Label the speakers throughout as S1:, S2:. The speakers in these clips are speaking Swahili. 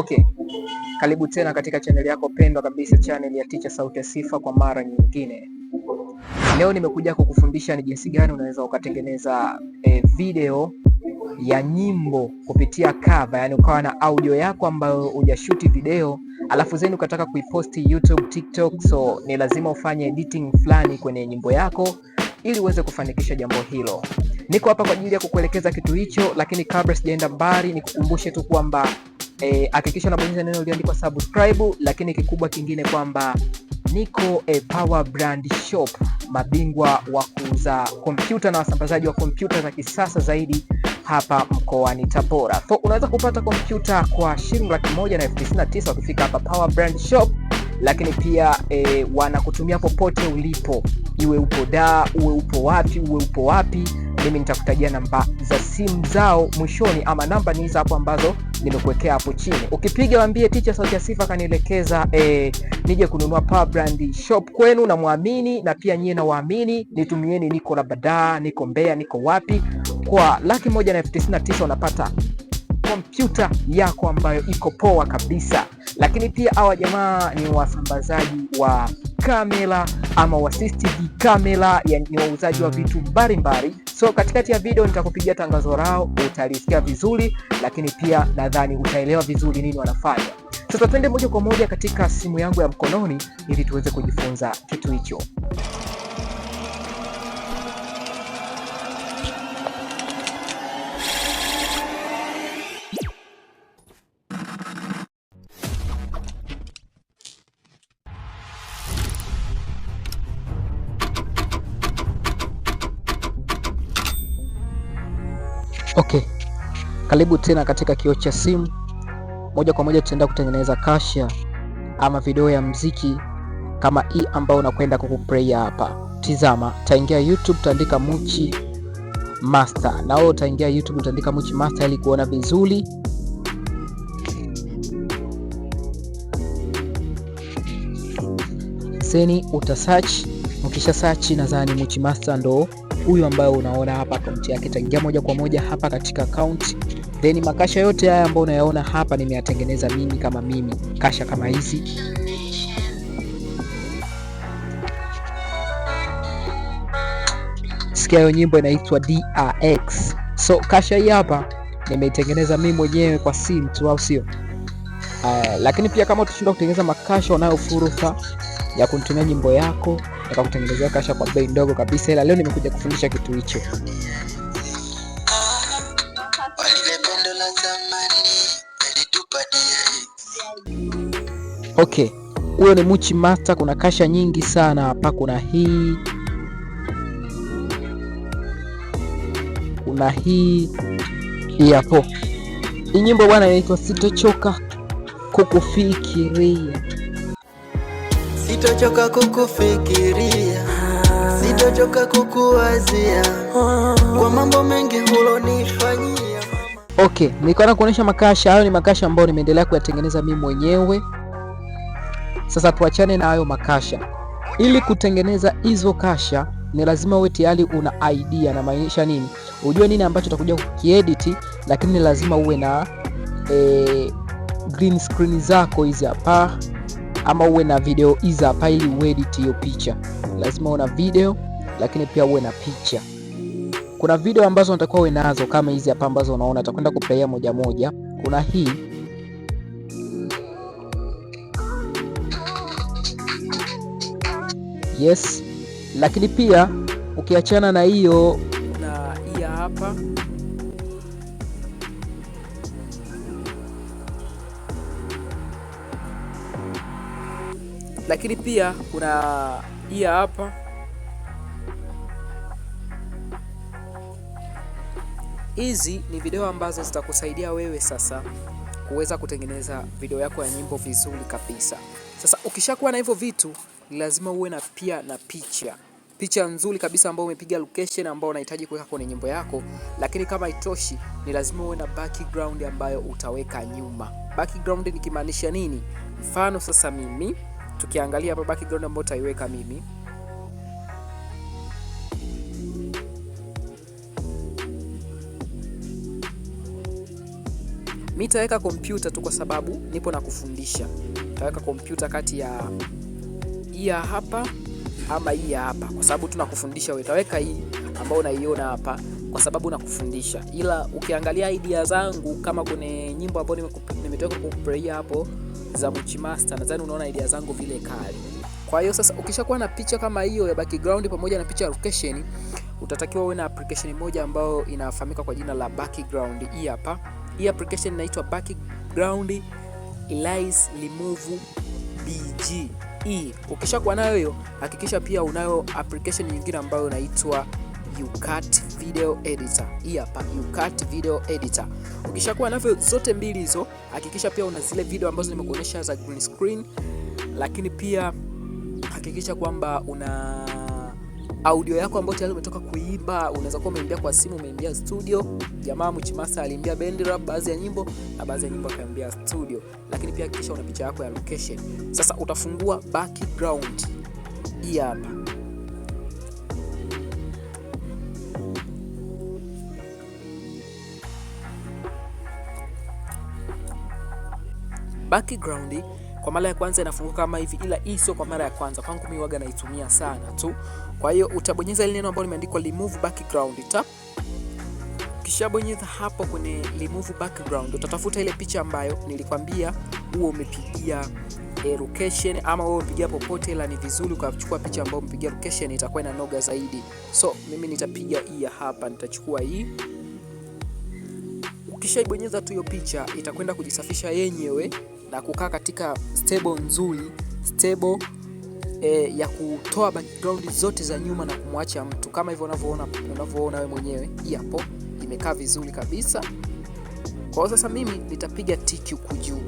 S1: Okay. Karibu tena katika chaneli yako pendwa kabisa, chaneli ya Teacher Sauti ya Sifa kwa mara nyingine. Leo nimekuja kukufundisha ni jinsi gani unaweza ukatengeneza eh, video ya nyimbo kupitia cover, yani ukawa na audio yako ambayo hujashuti video alafu zeni ukataka kuiposti YouTube, TikTok, so ni lazima ufanye editing fulani kwenye nyimbo yako ili uweze kufanikisha jambo hilo. Niko hapa kwa ajili ya kukuelekeza kitu hicho, lakini kabla sijaenda mbali, nikukumbushe tu kwamba Eh, hakikisha e, unabonyeza neno iliyoandikwa subscribe, lakini kikubwa kingine kwamba niko e, Power Brand Shop, mabingwa wa kuuza kompyuta na wasambazaji wa kompyuta za kisasa zaidi hapa mkoani Tabora. So unaweza kupata kompyuta kwa shilingi laki moja na elfu tisa wakifika hapa Power Brand Shop, lakini pia e, wanakutumia popote ulipo, iwe upo daa uwe upo wapi, uwe upo wapi mimi nitakutajia namba za simu zao mwishoni, ama namba ni hizo hapo ambazo nimekuwekea hapo chini. Ukipiga waambie Teacher Sauti ya Sifa kanielekeza eh, nije kununua Power Brand shop kwenu, na muamini na pia nyie nawaamini, nitumieni. Niko labada niko Mbeya, niko wapi, kwa laki moja na elfu tisini na tisa unapata kompyuta yako ambayo iko poa kabisa. Lakini pia hawa jamaa ni wasambazaji wa camera ama uasisti camera ya wauzaji wa vitu mbalimbali. So katikati ya video nitakupigia tangazo lao, utalisikia vizuri, lakini pia nadhani utaelewa vizuri nini wanafanya. Sasa twende moja kwa moja katika simu yangu ya mkononi ili tuweze kujifunza kitu hicho. Karibu tena katika kio cha simu. Moja kwa moja tutaenda kutengeneza kasha ama video ya mziki kama hii ambayo unakwenda kukuplay hapa. Tizama, taingia YouTube, taandika Muchi Master, na wewe utaingia YouTube utaandika Muchi Master ili kuona vizuri. Seni uta search, ukisha search nadhani Muchi Master ndo huyu ambayo unaona hapa akaunti yake. taingia moja kwa moja hapa katika akaunti Then makasha yote haya ambayo unayaona hapa nimeyatengeneza mimi kama mimi, kasha kama hizi Sikia hiyo nyimbo inaitwa DRX. So kasha hii hapa nimeitengeneza mimi mwenyewe kwa simu tu, au sio? Uh, lakini pia kama utashinda kutengeneza makasha, unayo fursa ya kunitumia nyimbo yako nikakutengenezea kasha kwa bei ndogo kabisa, ila leo nimekuja kufundisha kitu hicho. Okay, huyo ni Muchi Mata. Kuna kasha nyingi sana hapa, kuna hii, kuna hii hii hapo. Hii nyimbo bwana inaitwa Sitochoka Kukufikiria, sitochoka kukufikiria, ah. sitochoka kukuwazia, ah. kwa mambo mengi hulonifanyia Okay, nilikuwa na kuonyesha makasha. Hayo ni makasha ambayo nimeendelea kuyatengeneza mimi mwenyewe. Sasa tuachane na hayo makasha. Ili kutengeneza hizo kasha ni lazima uwe tayari una idea, na maanisha nini? Ujue nini ambacho utakuja kukiedit, lakini ni lazima uwe na e, green screen zako hizi hapa, ama uwe na video hizi hapa ili uedit hiyo picha. Lazima uwe na video, lakini pia uwe na picha. Kuna video ambazo unatakiwa uwe nazo kama hizi hapa ambazo unaona, utakwenda kuplaya moja moja. Kuna hii yes, lakini pia ukiachana na hiyo na hii hapa lakini pia kuna hii hapa hizi ni video ambazo zitakusaidia wewe sasa kuweza kutengeneza video yako ya nyimbo vizuri kabisa. Sasa ukishakuwa na hivyo vitu, ni lazima uwe na pia na picha picha nzuri kabisa ambayo umepiga location ambayo unahitaji kuweka kwenye nyimbo yako. Lakini kama itoshi, ni lazima uwe na background ambayo utaweka nyuma. Background nikimaanisha nini? Mfano sasa mimi tukiangalia hapa background ambayo utaiweka mimi Mi nitaweka kompyuta tu kwa sababu nipo na kufundisha. taweka kompyuta kati ya hii ya hapa ama hii ya hapa, kwa sababu tunakufundisha wewe. taweka hii ambayo unaiona hapa kwa sababu nakufundisha, ila ukiangalia idea zangu kama kwenye nyimbo ambayo nimetoka kuplay hapo za Muchi Master, nadhani unaona idea zangu vile kali. Kwa hiyo sasa, ukishakuwa na picha kama hiyo ya background pamoja na picha ya location, utatakiwa uwe na application moja ambayo inafahamika kwa jina la background. Hii hapa hii application inaitwa Background Erase Remove BGE. Ukishakuwa nayo hiyo, hakikisha pia unayo application nyingine ambayo inaitwa uCut Video Editor. Hii hapa uCut Video Editor. Ukishakuwa navyo zote mbili hizo, hakikisha pia una zile video ambazo nimekuonyesha za green screen, lakini pia hakikisha kwamba una audio yako ambayo tayari umetoka kuimba. Unaweza kuwa umeimbia kwa simu, umeimbia studio. Jamaa Mchimasa aliimbia bendi rap baadhi ya nyimbo na baadhi ya nyimbo akaimbia studio, lakini pia hakikisha una picha yako ya location. Sasa utafungua background hii hapa, background kwa mara ya kwanza inafunguka kama hivi, ila hii sio kwa mara ya kwanza kwangu, mimi waga naitumia sana tu. Kwa hiyo utabonyeza ile neno ambalo limeandikwa remove background tab. Ukishabonyeza hapo kwenye remove background, utatafuta ile picha ambayo nilikwambia huo umepigia E, location ama wewe umepigia popote, ila ni vizuri ukachukua picha ambayo umepigia location, itakuwa ina noga zaidi. So mimi nitapiga hii hapa, nitachukua hii. Ukishaibonyeza tu hiyo picha itakwenda kujisafisha yenyewe na kukaa katika stable nzuri, stable E, ya kutoa background zote za nyuma na kumwacha mtu kama hivyo unavyoona unavyoona wewe mwenyewe hapo imekaa vizuri kabisa. Kwa sasa mimi nitapiga tiki huku juu.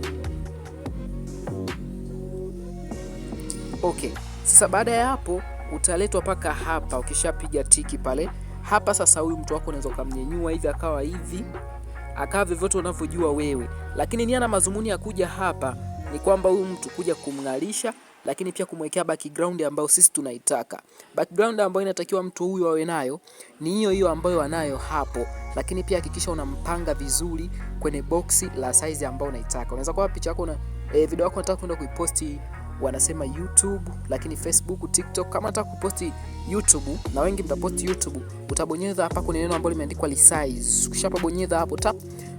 S1: Okay, sasa baada ya hapo utaletwa mpaka hapa. Ukishapiga tiki pale hapa, sasa huyu mtu wako unaweza ukamnyenyua hivi akawa hivi akawa vyovyote unavyojua wewe, lakini nia na mazumuni ya kuja hapa ni kwamba huyu mtu kuja kumng'arisha, lakini pia kumwekea background ambayo sisi tunaitaka. Background ambayo inatakiwa mtu huyu awe nayo ni hiyo hiyo ambayo anayo hapo, lakini pia hakikisha unampanga vizuri kwenye boxi la size ambayo unaitaka. Unaweza kuwa picha yako na e, eh, video yako unataka kwenda kuiposti wanasema YouTube, lakini Facebook, TikTok. Kama unataka kuposti YouTube, na wengi mtaposti YouTube, utabonyeza hapa, kuna neno ambalo limeandikwa resize. Ukishapabonyeza hapo tap,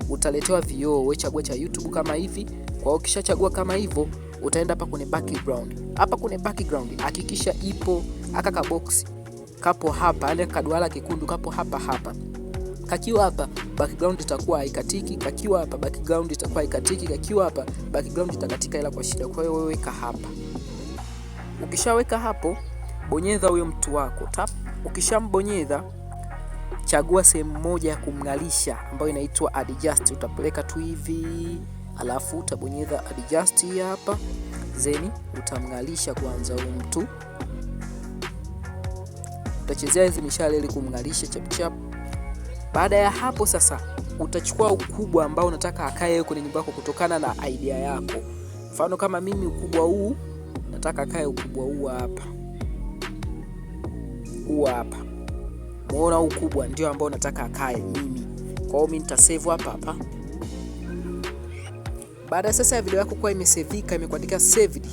S1: utaletewa vioo, wewe chagua cha YouTube kama hivi. Kwa hiyo ukishachagua kama hivyo, utaenda hapa kwenye background. Hapa kwenye background hakikisha ipo aka kabox kapo hapa, ile yaani kaduara kekundu kapo hapa hapa kakiwa hapa background itakuwa haikatiki, kakiwa hapa background itakuwa haikatiki, kakiwa hapa background itakatika ila kwa shida. Kwa hiyo wewe weka hapa. Ukishaweka hapo, bonyeza huyo mtu wako tap. Ukishambonyeza, chagua sehemu moja ya kumng'alisha ambayo inaitwa adjust. Utapeleka tu hivi, alafu utabonyeza adjust hii hapa, zeni utamng'alisha kwanza huyo mtu, utachezea hizi mishale ili kumng'alisha chap chap. Baada ya hapo sasa utachukua ukubwa ambao unataka akae kwenye nyumba yako kutokana na idea yako. Mfano kama mimi ukubwa huu nataka akae ukubwa huu hapa. Huu hapa. Muona ukubwa ndio ambao nataka akae mimi. Kwa hiyo mimi save hapa hapa. Baada sasa ya video yako kuwa imesevika, imekuandika saved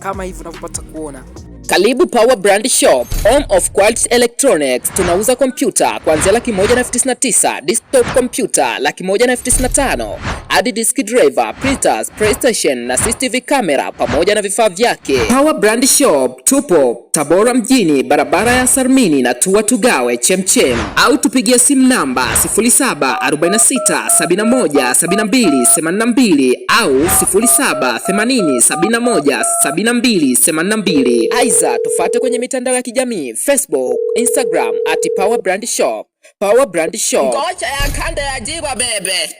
S1: kama hivi unavyopata kuona.
S2: Karibu Power Brand Shop, home of quality electronics. Tunauza kompyuta kuanzia laki moja na elfu tisini na tisa, desktop computer laki moja na elfu tisini na tano hadi disk driver, printers, PlayStation na CCTV camera pamoja na vifaa vyake. Power Brand Shop tupo Tabora mjini, barabara ya Sarmini na Tua Tugawe Chemchem, au tupigie simu namba 0746717282 au 0780717282. Kwanza tufate kwenye mitandao ya kijamii Facebook, Instagram at Power Brand Shop. Power Brand Shop. Ngocha ya kanda ya jiwa
S1: bebe.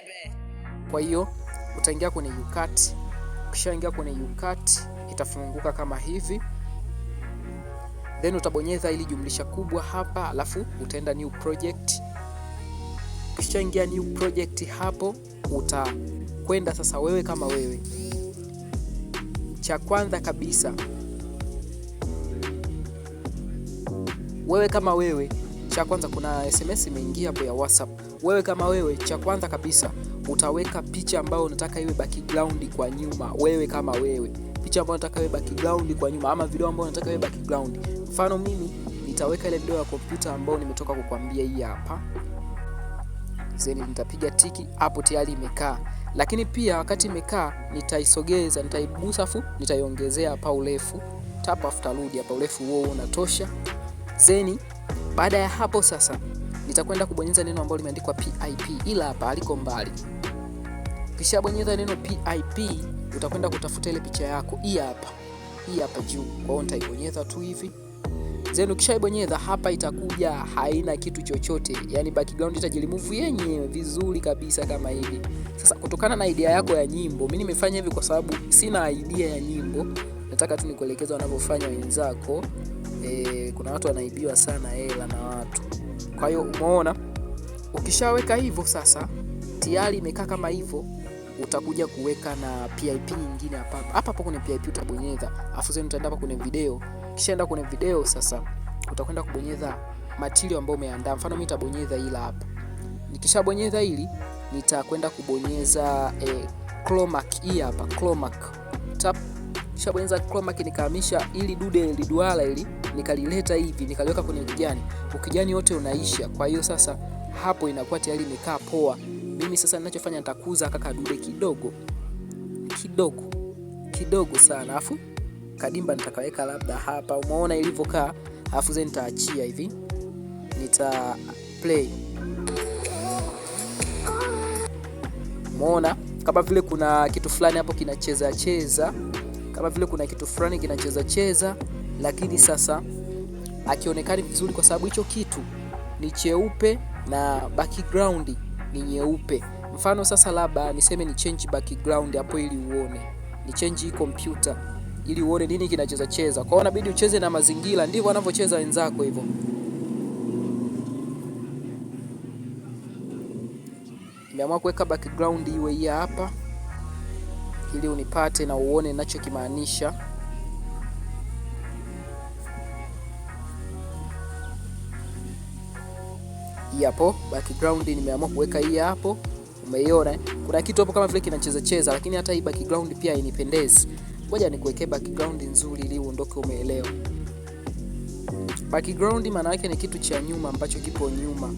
S1: Kwa hiyo utaingia kwenye YouCut, Ukishaingia kwenye YouCut itafunguka kama hivi, then utabonyeza ili jumlisha kubwa hapa, alafu utaenda new project, Ukishaingia new project hapo, utakwenda sasa wewe kama wewe, cha kwanza kabisa Wewe kama wewe, cha kwanza kuna SMS imeingia hapo ya WhatsApp. Wewe kama wewe, cha kwanza kabisa utaweka picha ambayo unataka iwe background kwa nyuma. Wewe kama wewe, picha ambayo unataka iwe background kwa nyuma, ama video ambayo unataka iwe background. Mfano mimi nitaweka ile video ya kompyuta ambayo nimetoka kukwambia hii hapa zeni, nitapiga tiki hapo, tayari imekaa. Lakini pia wakati imekaa, nitaisogeza, nitaigusa, afu nitaiongezea hapa urefu, tap, afu tarudi hapa, urefu huo unatosha. Zeni, baada ya hapo sasa nitakwenda kubonyeza neno ambalo limeandikwa PIP, ila hapa aliko mbali. bonyeza neno PIP utakwenda kutafuta ile picha yako, hii hapa, hii hapa juu. Kwa hiyo nitaibonyeza tu hivi Kisha ibonyeza hapa itakuja haina kitu chochote, yani background itajiremove yenyewe vizuri kabisa kama hivi. Sasa kutokana na idea yako ya nyimbo, mimi nimefanya hivi kwa sababu sina idea ya nyimbo, nataka tu nikuelekeza wanavyofanya wenzako. E, kuna watu wanaibiwa sana hela na watu. Kwa hiyo umeona, ukishaweka hivyo sasa tayari imekaa kama hivyo, utakuja kuweka na PIP nyingine hapa hapa hapo. Kuna PIP utabonyeza, afu zenu utaenda kwenye video, kishaenda kwenye video sasa utakwenda kubonyeza material ambayo umeandaa. Mfano mimi nitabonyeza hili hapa, nikishabonyeza hili nitakwenda kubonyeza eh, Chromac hii hapa Chromac tap kisha bonyeza chroma key, nikahamisha ili dude ili duara ili nikalileta hivi nikaliweka kwenye kijani, ukijani wote unaisha. Kwa hiyo sasa hapo inakuwa tayari imekaa poa. Mimi sasa ninachofanya nitakuza kaka dude kidogo kidogo kidogo sana, alafu kadimba nitakaweka labda hapa, umeona ilivyokaa, alafu zeni nitaachia hivi, nita play umeona kama vile kuna kitu fulani hapo kinacheza cheza kama vile kuna kitu fulani kinacheza cheza, lakini sasa akionekani vizuri, kwa sababu hicho kitu ni cheupe na background ni nyeupe. Mfano sasa, labda niseme ni change background hapo, ili uone ni change hii kompyuta, ili uone nini kinacheza cheza. Kwa hiyo inabidi ucheze na mazingira, ndivyo wanavyocheza wenzako hivyo. Nimeamua kuweka background iwe hii hapa ili unipate na uone ninachokimaanisha. Hii hapo background nimeamua kuweka hii hapo, umeiona kuna kitu hapo kama vile kinacheza cheza, lakini hata hii background pia inipendezi. Ngoja nikuwekee background nzuri ili uondoke umeelewa. Background maana yake ni kitu cha nyuma ambacho kipo nyuma,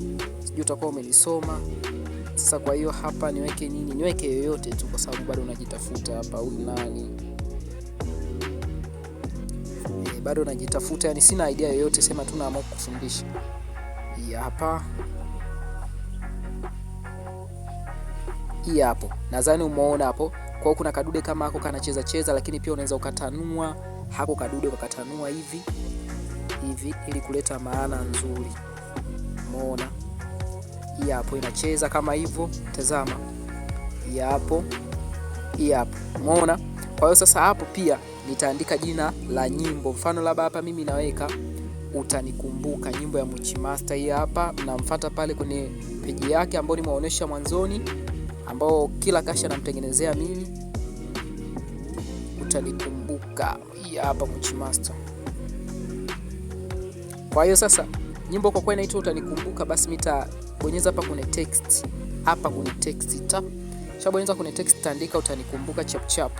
S1: sijui utakuwa umenisoma. Sasa kwa hiyo hapa niweke nini? Niweke yoyote tu, kwa sababu bado unajitafuta hapa, au nani e, bado najitafuta, yani sina idea yoyote, sema tu naamua kufundisha hii hapa hii hapo, nadhani umeona hapo. Kwa hiyo kuna kadude kama hako kanacheza cheza, lakini pia unaweza ukatanua hako kadude ukakatanua hivi hivi ili kuleta maana nzuri, umeona hii hapo inacheza kama hivyo, tazama hii hapo, hii hapo, umeona? Kwa hiyo sasa hapo pia nitaandika jina la nyimbo, mfano labda hapa mimi naweka utanikumbuka nyimbo ya Muchi Master hii hapa. Mnamfuata pale kwenye peji yake ambayo nimeonyesha mwanzoni, ambao kila kasha namtengenezea mimi. Utanikumbuka hii hapa Muchi Master. Kwa hiyo sasa nyimbo kwa kweli inaitwa Utanikumbuka, basi mita bonyeza hapa kwenye text, hapa kwenye text tap. Shabonyeza kwenye text, taandika utanikumbuka chapchap.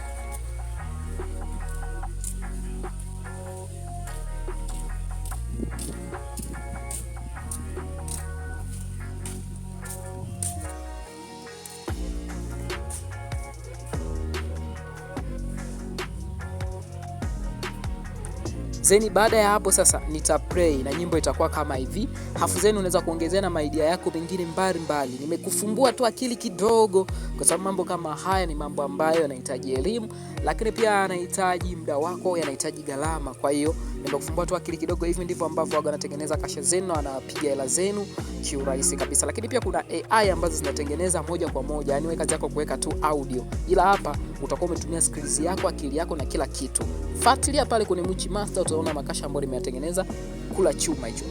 S1: zeni. baada ya hapo sasa nita pray na nyimbo itakuwa kama hivi, hafu zeni, unaweza kuongezea na maidia yako mengine mbalimbali. Nimekufumbua tu akili kidogo, kwa sababu mambo kama haya ni mambo ambayo yanahitaji elimu, lakini pia yanahitaji muda wako, yanahitaji gharama, kwa hiyo nimekufumbua tu akili kidogo. Hivi ndivyo ambavyo waga wanatengeneza kasha zenu na wanapiga hela zenu kiurahisi kabisa, lakini pia kuna AI ambazo zinatengeneza moja kwa moja, yani kazi yako kuweka tu audio, ila hapa utakuwa umetumia skills yako, akili yako na kila kitu. Fuatilia pale kwenye mchi Master, utaona makasha ambayo nimeyatengeneza. Kula chuma hicho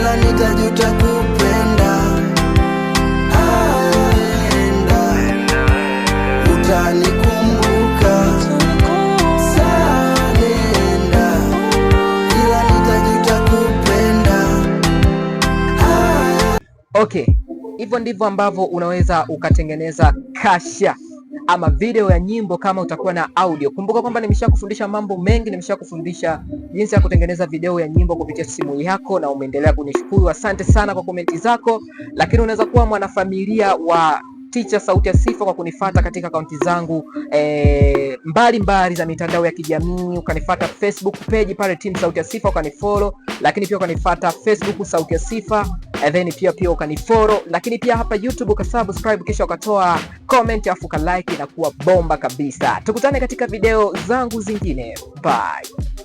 S1: ila nitajuta kupenda Hivyo ndivyo ambavyo unaweza ukatengeneza kasha ama video ya nyimbo kama utakuwa na audio. Kumbuka kwamba nimeshakufundisha mambo mengi, nimeshakufundisha jinsi ya kutengeneza video ya nyimbo kupitia simu yako, na umeendelea kunishukuru. Asante sana kwa komenti zako, lakini unaweza kuwa mwanafamilia wa ticha Sauti ya Sifa kwa kunifata katika akaunti zangu e, eh, mbalimbali za mitandao ya kijamii, ukanifata Facebook page pale Team Sauti ya Sifa ukanifollow, lakini pia ukanifata Facebook Sauti ya Sifa and then pia pia ukanifollow, lakini pia hapa YouTube ukasubscribe, kisha ukatoa comment afu ka ukalike, inakuwa bomba kabisa. Tukutane katika video zangu zingine. Bye.